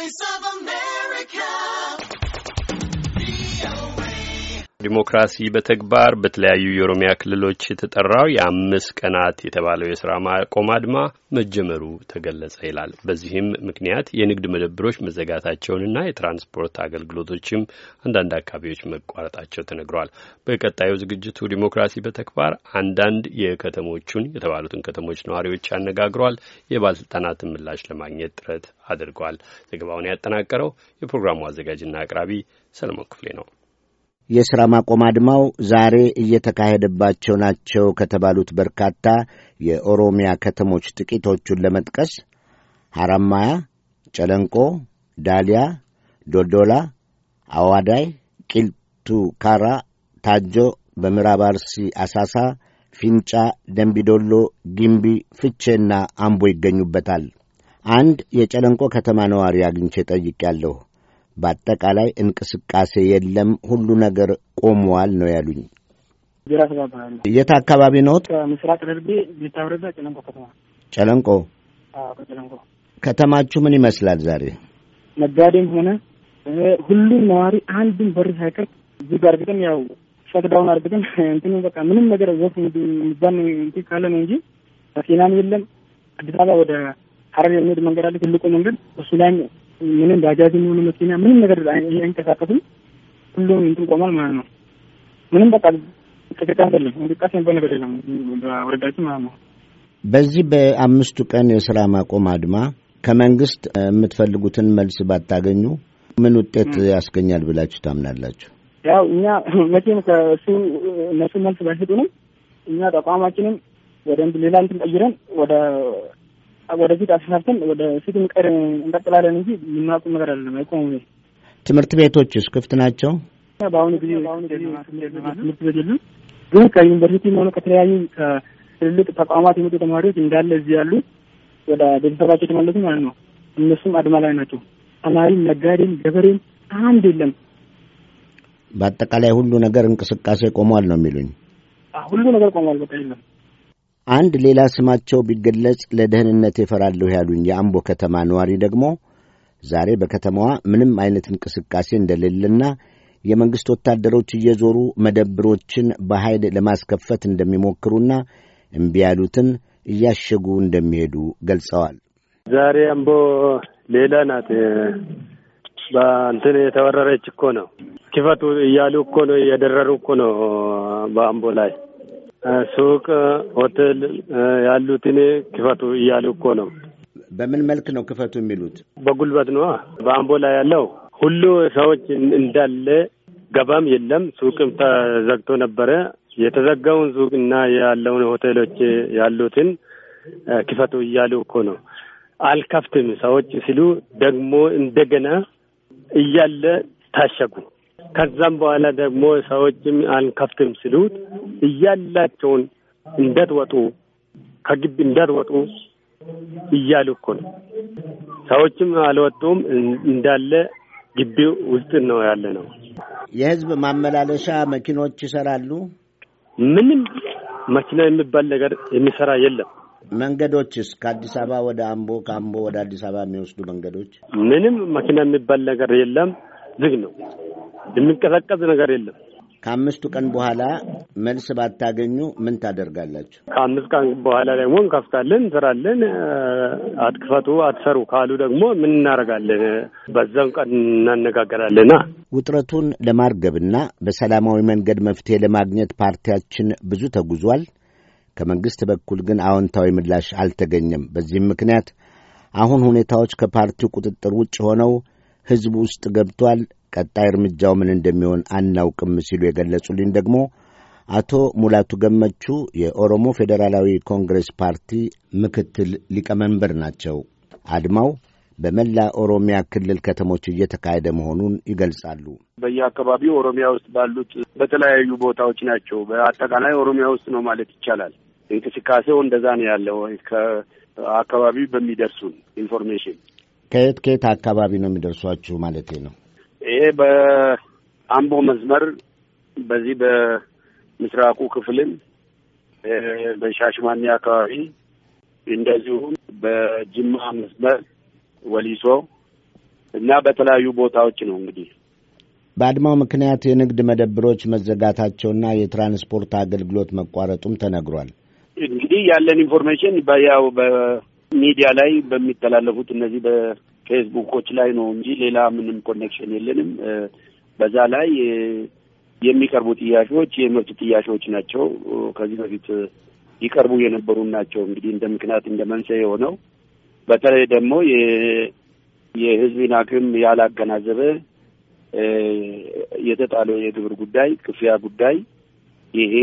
voice of ዲሞክራሲ በተግባር በተለያዩ የኦሮሚያ ክልሎች የተጠራው የአምስት ቀናት የተባለው የስራ ማቆም አድማ መጀመሩ ተገለጸ ይላል። በዚህም ምክንያት የንግድ መደብሮች መዘጋታቸውንና የትራንስፖርት አገልግሎቶችም አንዳንድ አካባቢዎች መቋረጣቸው ተነግሯል። በቀጣዩ ዝግጅቱ ዲሞክራሲ በተግባር አንዳንድ የከተሞቹን የተባሉትን ከተሞች ነዋሪዎች ያነጋግሯል። የባለስልጣናትን ምላሽ ለማግኘት ጥረት አድርጓል። ዘገባውን ያጠናቀረው የፕሮግራሙ አዘጋጅና አቅራቢ ሰለሞን ክፍሌ ነው። የሥራ ማቆም አድማው ዛሬ እየተካሄደባቸው ናቸው ከተባሉት በርካታ የኦሮሚያ ከተሞች ጥቂቶቹን ለመጥቀስ ሐራማያ፣ ጨለንቆ፣ ዳሊያ፣ ዶልዶላ፣ አዋዳይ፣ ቂልቱ ካራ፣ ታጆ፣ በምዕራብ አርሲ አሳሳ፣ ፊንጫ፣ ደንቢዶሎ፣ ጊምቢ፣ ፍቼና አምቦ ይገኙበታል። አንድ የጨለንቆ ከተማ ነዋሪ አግኝቼ ጠይቄያለሁ። በአጠቃላይ እንቅስቃሴ የለም፣ ሁሉ ነገር ቆመዋል ነው ያሉኝ። የት አካባቢ ነዎት? ምስራቅ ደርቤ ቤት ጨለንቆ ከተማ። ጨለንቆ ጨለንቆ ከተማችሁ ምን ይመስላል ዛሬ? ነጋዴም ሆነ ሁሉም ነዋሪ አንድም በር ሳይቀር ዝግ አድርገን ያው ሸክዳውን አድርገን እንትን በቃ ምንም ነገር ወፍ ሚባል እንትን ካለ ነው እንጂ መኪናም የለም። አዲስ አበባ ወደ ሀረር የሚሄድ መንገድ አለ፣ ትልቁ መንገድ እሱ ላይም ምንም ባጃጅ የሚሆኑ መኪና ምንም ነገር አይንቀሳቀስም። ሁሉም እንትን ቆማል ማለት ነው። ምንም በቃ እንቅስቃሴ የለም። እንቅስቃሴ የሚባል ነገር የለም በወረዳችን ማለት ነው። በዚህ በአምስቱ ቀን የስራ ማቆም አድማ ከመንግስት የምትፈልጉትን መልስ ባታገኙ ምን ውጤት ያስገኛል ብላችሁ ታምናላችሁ? ያው እኛ መቼም ከእሱ እነሱ መልስ ባይሰጡንም እኛ ተቋማችንም ወደ ሌላ እንትን ቀይረን ወደ ወደፊት አሰፋፍተን ቀር እንቀጥላለን እንጂ የምናቁም ነገር አይደለም። አይቆሙ። ትምህርት ቤቶችስ ክፍት ናቸው? በአሁኑ ጊዜ ትምህርት ቤት የሉም፣ ግን ከዩኒቨርሲቲ ሆነ ከተለያዩ ትልልቅ ተቋማት የመጡ ተማሪዎች እንዳለ እዚህ ያሉ ወደ ቤተሰባቸው የተመለሱ ማለት ነው። እነሱም አድማ ላይ ናቸው። ተማሪም፣ ነጋዴም፣ ገበሬም አንድ የለም። በአጠቃላይ ሁሉ ነገር እንቅስቃሴ ቆሟል ነው የሚሉኝ። ሁሉ ነገር ቆሟል፣ በቃ የለም። አንድ ሌላ ስማቸው ቢገለጽ ለደህንነት የፈራለሁ ያሉኝ የአምቦ ከተማ ነዋሪ ደግሞ ዛሬ በከተማዋ ምንም አይነት እንቅስቃሴ እንደሌለና የመንግሥት ወታደሮች እየዞሩ መደብሮችን በኃይል ለማስከፈት እንደሚሞክሩና እምቢ ያሉትን እያሸጉ እንደሚሄዱ ገልጸዋል። ዛሬ አምቦ ሌላ ናት። በእንትን የተወረረች እኮ ነው። ክፈቱ እያሉ እኮ ነው፣ እየደረሩ እኮ ነው በአምቦ ላይ ሱቅ፣ ሆቴል ያሉትን ክፈቱ እያሉ እኮ ነው። በምን መልክ ነው ክፈቱ የሚሉት? በጉልበት ነው። በአምቦ ላይ ያለው ሁሉ ሰዎች እንዳለ ገባም የለም ሱቅም ተዘግቶ ነበረ። የተዘጋውን ሱቅ እና ያለውን ሆቴሎች ያሉትን ክፈቱ እያሉ እኮ ነው። አልከፍትም ሰዎች ሲሉ ደግሞ እንደገና እያለ ታሸጉ። ከዛም በኋላ ደግሞ ሰዎችም አንከፍትም ስሉት እያላቸውን እንደትወጡ ከግቢ እንደትወጡ እያሉ እኮ ነው። ሰዎችም አልወጡም እንዳለ ግቢ ውስጥ ነው ያለ ነው። የህዝብ ማመላለሻ መኪኖች ይሰራሉ። ምንም መኪና የሚባል ነገር የሚሰራ የለም። መንገዶችስ ከአዲስ አበባ ወደ አምቦ፣ ከአምቦ ወደ አዲስ አበባ የሚወስዱ መንገዶች ምንም መኪና የሚባል ነገር የለም። ዝግ ነው። የሚንቀሳቀስ ነገር የለም። ከአምስቱ ቀን በኋላ መልስ ባታገኙ ምን ታደርጋላችሁ? ከአምስት ቀን በኋላ ደግሞ እንከፍታለን፣ እንሰራለን። አትክፈቱ፣ አትሰሩ ካሉ ደግሞ ምን እናደርጋለን? በዛም ቀን እናነጋገራለና ውጥረቱን ለማርገብና በሰላማዊ መንገድ መፍትሄ ለማግኘት ፓርቲያችን ብዙ ተጉዟል። ከመንግሥት በኩል ግን አዎንታዊ ምላሽ አልተገኘም። በዚህም ምክንያት አሁን ሁኔታዎች ከፓርቲው ቁጥጥር ውጭ ሆነው ሕዝብ ውስጥ ገብቷል፣ ቀጣይ እርምጃው ምን እንደሚሆን አናውቅም ሲሉ የገለጹልኝ ደግሞ አቶ ሙላቱ ገመቹ የኦሮሞ ፌዴራላዊ ኮንግሬስ ፓርቲ ምክትል ሊቀመንበር ናቸው። አድማው በመላ ኦሮሚያ ክልል ከተሞች እየተካሄደ መሆኑን ይገልጻሉ። በየአካባቢው ኦሮሚያ ውስጥ ባሉት በተለያዩ ቦታዎች ናቸው። በአጠቃላይ ኦሮሚያ ውስጥ ነው ማለት ይቻላል። እንቅስቃሴው እንደዛ ነው ያለው። ከአካባቢ በሚደርሱን ኢንፎርሜሽን ከየት ከየት አካባቢ ነው የሚደርሷችሁ ማለት ነው? ይሄ በአምቦ መስመር በዚህ በምስራቁ ክፍልም በሻሽማኒ አካባቢ እንደዚሁም በጅማ መስመር ወሊሶ እና በተለያዩ ቦታዎች ነው እንግዲህ በአድማው ምክንያት የንግድ መደብሮች መዘጋታቸውና የትራንስፖርት አገልግሎት መቋረጡም ተነግሯል። እንግዲህ ያለን ኢንፎርሜሽን በያው ሚዲያ ላይ በሚተላለፉት እነዚህ በፌስቡኮች ላይ ነው እንጂ ሌላ ምንም ኮኔክሽን የለንም። በዛ ላይ የሚቀርቡ ጥያቄዎች የመብት ጥያቄዎች ናቸው። ከዚህ በፊት ይቀርቡ የነበሩ ናቸው። እንግዲህ እንደ ምክንያት እንደ መንስኤ የሆነው በተለይ ደግሞ የህዝብን አቅም ያላገናዘበ የተጣለው የግብር ጉዳይ፣ ክፍያ ጉዳይ ይሄ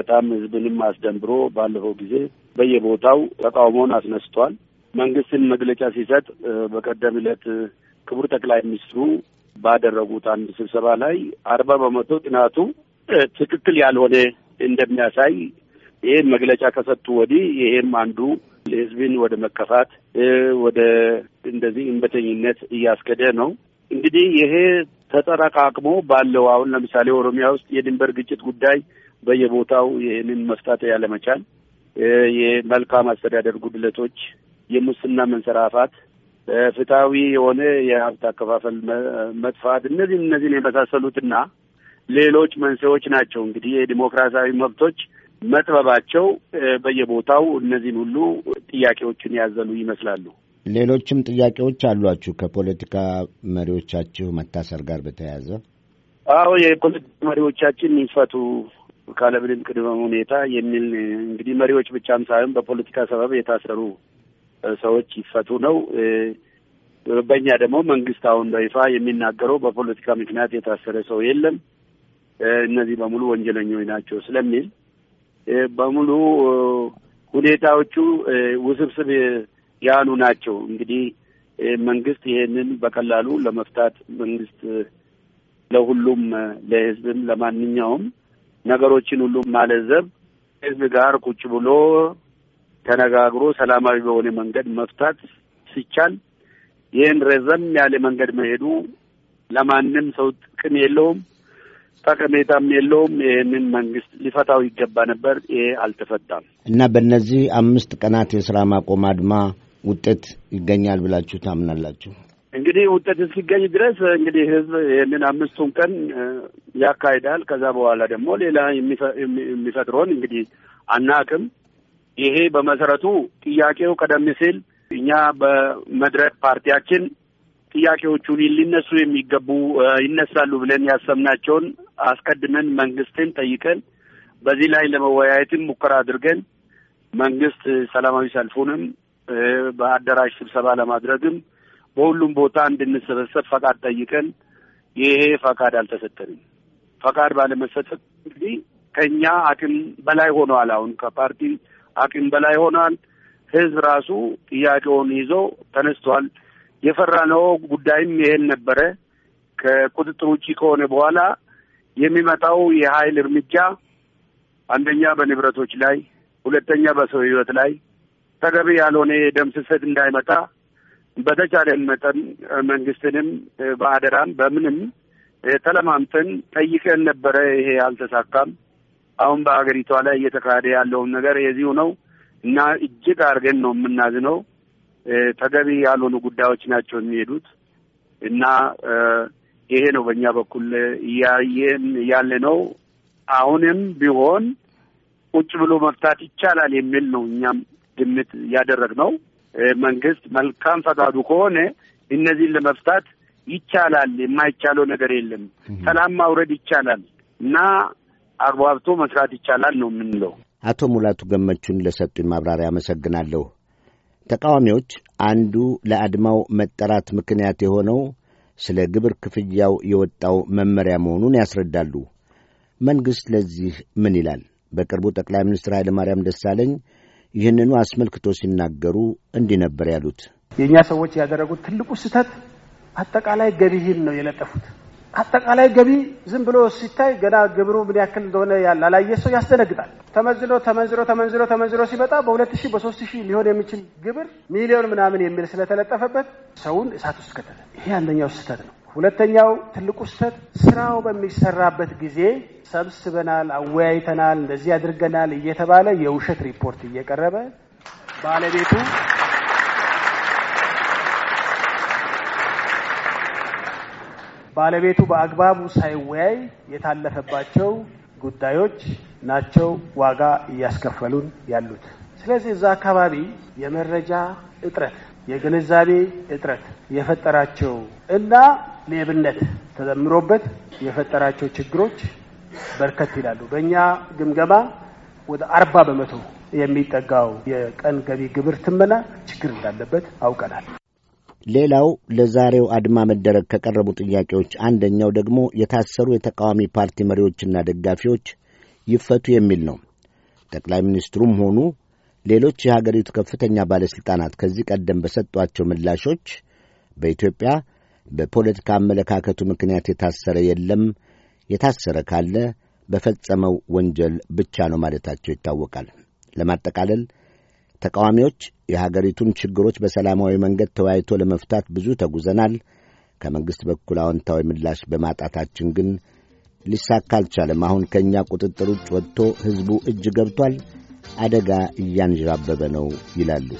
በጣም ህዝብንም አስደንብሮ ባለፈው ጊዜ በየቦታው ተቃውሞውን አስነስቷል። መንግስትን መግለጫ ሲሰጥ በቀደም ዕለት ክቡር ጠቅላይ ሚኒስትሩ ባደረጉት አንድ ስብሰባ ላይ አርባ በመቶ ጥናቱ ትክክል ያልሆነ እንደሚያሳይ ይህ መግለጫ ከሰጡ ወዲህ ይሄም አንዱ ህዝብን ወደ መከፋት ወደ እንደዚህ እንበተኝነት እያስገደ ነው። እንግዲህ ይሄ ተጠረቃቅሞ ባለው አሁን ለምሳሌ ኦሮሚያ ውስጥ የድንበር ግጭት ጉዳይ በየቦታው ይህንን መፍታት ያለመቻል የመልካም አስተዳደር ጉድለቶች፣ የሙስና መንሰራፋት፣ ፍትሐዊ የሆነ የሀብት አከፋፈል መጥፋት እነዚህ እነዚህን የመሳሰሉትና ሌሎች መንስኤዎች ናቸው። እንግዲህ የዲሞክራሲያዊ መብቶች መጥበባቸው በየቦታው እነዚህን ሁሉ ጥያቄዎችን ያዘሉ ይመስላሉ። ሌሎችም ጥያቄዎች አሏችሁ ከፖለቲካ መሪዎቻችሁ መታሰር ጋር በተያያዘ? አዎ የፖለቲካ መሪዎቻችን ይፈቱ ካለምንም ቅድመ ሁኔታ የሚል እንግዲህ መሪዎች ብቻም ሳይሆን በፖለቲካ ሰበብ የታሰሩ ሰዎች ይፈቱ ነው። በኛ ደግሞ መንግስት አሁን በይፋ የሚናገረው በፖለቲካ ምክንያት የታሰረ ሰው የለም፣ እነዚህ በሙሉ ወንጀለኞች ናቸው ስለሚል በሙሉ ሁኔታዎቹ ውስብስብ ያሉ ናቸው። እንግዲህ መንግስት ይሄንን በቀላሉ ለመፍታት መንግስት ለሁሉም ለህዝብም ለማንኛውም ነገሮችን ሁሉ ማለዘብ፣ ህዝብ ጋር ቁጭ ብሎ ተነጋግሮ ሰላማዊ በሆነ መንገድ መፍታት ሲቻል ይህን ረዘም ያለ መንገድ መሄዱ ለማንም ሰው ጥቅም የለውም፣ ጠቀሜታም የለውም። ይህንን መንግስት ሊፈታው ይገባ ነበር። ይሄ አልተፈታም እና በእነዚህ አምስት ቀናት የስራ ማቆም አድማ ውጤት ይገኛል ብላችሁ ታምናላችሁ? እንግዲህ ውጤት እስኪገኝ ድረስ እንግዲህ ህዝብ ይህንን አምስቱን ቀን ያካሂዳል። ከዛ በኋላ ደግሞ ሌላ የሚፈጥረውን እንግዲህ አናቅም። ይሄ በመሰረቱ ጥያቄው ቀደም ሲል እኛ በመድረክ ፓርቲያችን ጥያቄዎቹን ሊነሱ የሚገቡ ይነሳሉ ብለን ያሰብናቸውን አስቀድመን መንግስትን ጠይቀን በዚህ ላይ ለመወያየትም ሙከራ አድርገን መንግስት ሰላማዊ ሰልፉንም በአዳራሽ ስብሰባ ለማድረግም በሁሉም ቦታ እንድንሰበሰብ ፈቃድ ጠይቀን ይሄ ፈቃድ አልተሰጠንም። ፈቃድ ባለመሰጠት እንግዲህ ከኛ አቅም በላይ ሆነዋል። አሁን ከፓርቲ አቅም በላይ ሆኗል። ህዝብ ራሱ ጥያቄውን ይዞ ተነስቷል። የፈራነው ጉዳይም ይሄን ነበረ። ከቁጥጥር ውጭ ከሆነ በኋላ የሚመጣው የኃይል እርምጃ አንደኛ በንብረቶች ላይ፣ ሁለተኛ በሰው ህይወት ላይ ተገቢ ያልሆነ የደም ስሰት እንዳይመጣ በተቻለን መጠን መንግስትንም በአደራም በምንም ተለማምተን ጠይቀን ነበረ። ይሄ አልተሳካም። አሁን በአገሪቷ ላይ እየተካሄደ ያለውን ነገር የዚሁ ነው እና እጅግ አድርገን ነው የምናዝነው። ተገቢ ያልሆኑ ጉዳዮች ናቸው የሚሄዱት እና ይሄ ነው በእኛ በኩል እያየን ያለ ነው። አሁንም ቢሆን ቁጭ ብሎ መፍታት ይቻላል የሚል ነው እኛም ግምት ያደረግነው። መንግስት መልካም ፈቃዱ ከሆነ እነዚህን ለመፍታት ይቻላል። የማይቻለው ነገር የለም። ሰላም ማውረድ ይቻላል እና አግባብቶ መስራት ይቻላል ነው የምንለው። አቶ ሙላቱ ገመቹን ለሰጡኝ ማብራሪያ አመሰግናለሁ። ተቃዋሚዎች አንዱ ለአድማው መጠራት ምክንያት የሆነው ስለ ግብር ክፍያው የወጣው መመሪያ መሆኑን ያስረዳሉ። መንግሥት ለዚህ ምን ይላል? በቅርቡ ጠቅላይ ሚኒስትር ኃይለ ማርያም ደሳለኝ ይህንኑ አስመልክቶ ሲናገሩ እንዲህ ነበር ያሉት። የእኛ ሰዎች ያደረጉት ትልቁ ስህተት አጠቃላይ ገቢህን ነው የለጠፉት። አጠቃላይ ገቢ ዝም ብሎ ሲታይ ገና ግብሩ ምን ያክል እንደሆነ ያላላየ ሰው ያስደነግጣል። ተመዝኖ ተመንዝሮ ተመንዝሮ ተመንዝሮ ሲመጣ በሁለት ሺህ በሶስት ሺህ ሊሆን የሚችል ግብር ሚሊዮን ምናምን የሚል ስለተለጠፈበት ሰውን እሳት ውስጥ ከተተ። ይሄ አንደኛው ስህተት ነው። ሁለተኛው ትልቁ ስህተት ስራው በሚሰራበት ጊዜ ሰብስበናል፣ አወያይተናል፣ እንደዚህ አድርገናል እየተባለ የውሸት ሪፖርት እየቀረበ ባለቤቱ ባለቤቱ በአግባቡ ሳይወያይ የታለፈባቸው ጉዳዮች ናቸው ዋጋ እያስከፈሉን ያሉት። ስለዚህ እዛ አካባቢ የመረጃ እጥረት፣ የግንዛቤ እጥረት የፈጠራቸው እና ሌብነት ተደምሮበት የፈጠራቸው ችግሮች በርከት ይላሉ። በእኛ ግምገማ ወደ አርባ በመቶ የሚጠጋው የቀን ገቢ ግብር ትመና ችግር እንዳለበት አውቀናል። ሌላው ለዛሬው አድማ መደረግ ከቀረቡ ጥያቄዎች አንደኛው ደግሞ የታሰሩ የተቃዋሚ ፓርቲ መሪዎችና ደጋፊዎች ይፈቱ የሚል ነው። ጠቅላይ ሚኒስትሩም ሆኑ ሌሎች የሀገሪቱ ከፍተኛ ባለሥልጣናት ከዚህ ቀደም በሰጧቸው ምላሾች በኢትዮጵያ በፖለቲካ አመለካከቱ ምክንያት የታሰረ የለም የታሰረ ካለ በፈጸመው ወንጀል ብቻ ነው ማለታቸው ይታወቃል። ለማጠቃለል ተቃዋሚዎች የሀገሪቱን ችግሮች በሰላማዊ መንገድ ተወያይቶ ለመፍታት ብዙ ተጉዘናል። ከመንግሥት በኩል አዎንታዊ ምላሽ በማጣታችን ግን ሊሳካ አልቻለም። አሁን ከእኛ ቁጥጥር ውጭ ወጥቶ ሕዝቡ እጅ ገብቷል። አደጋ እያንዣበበ ነው ይላሉ።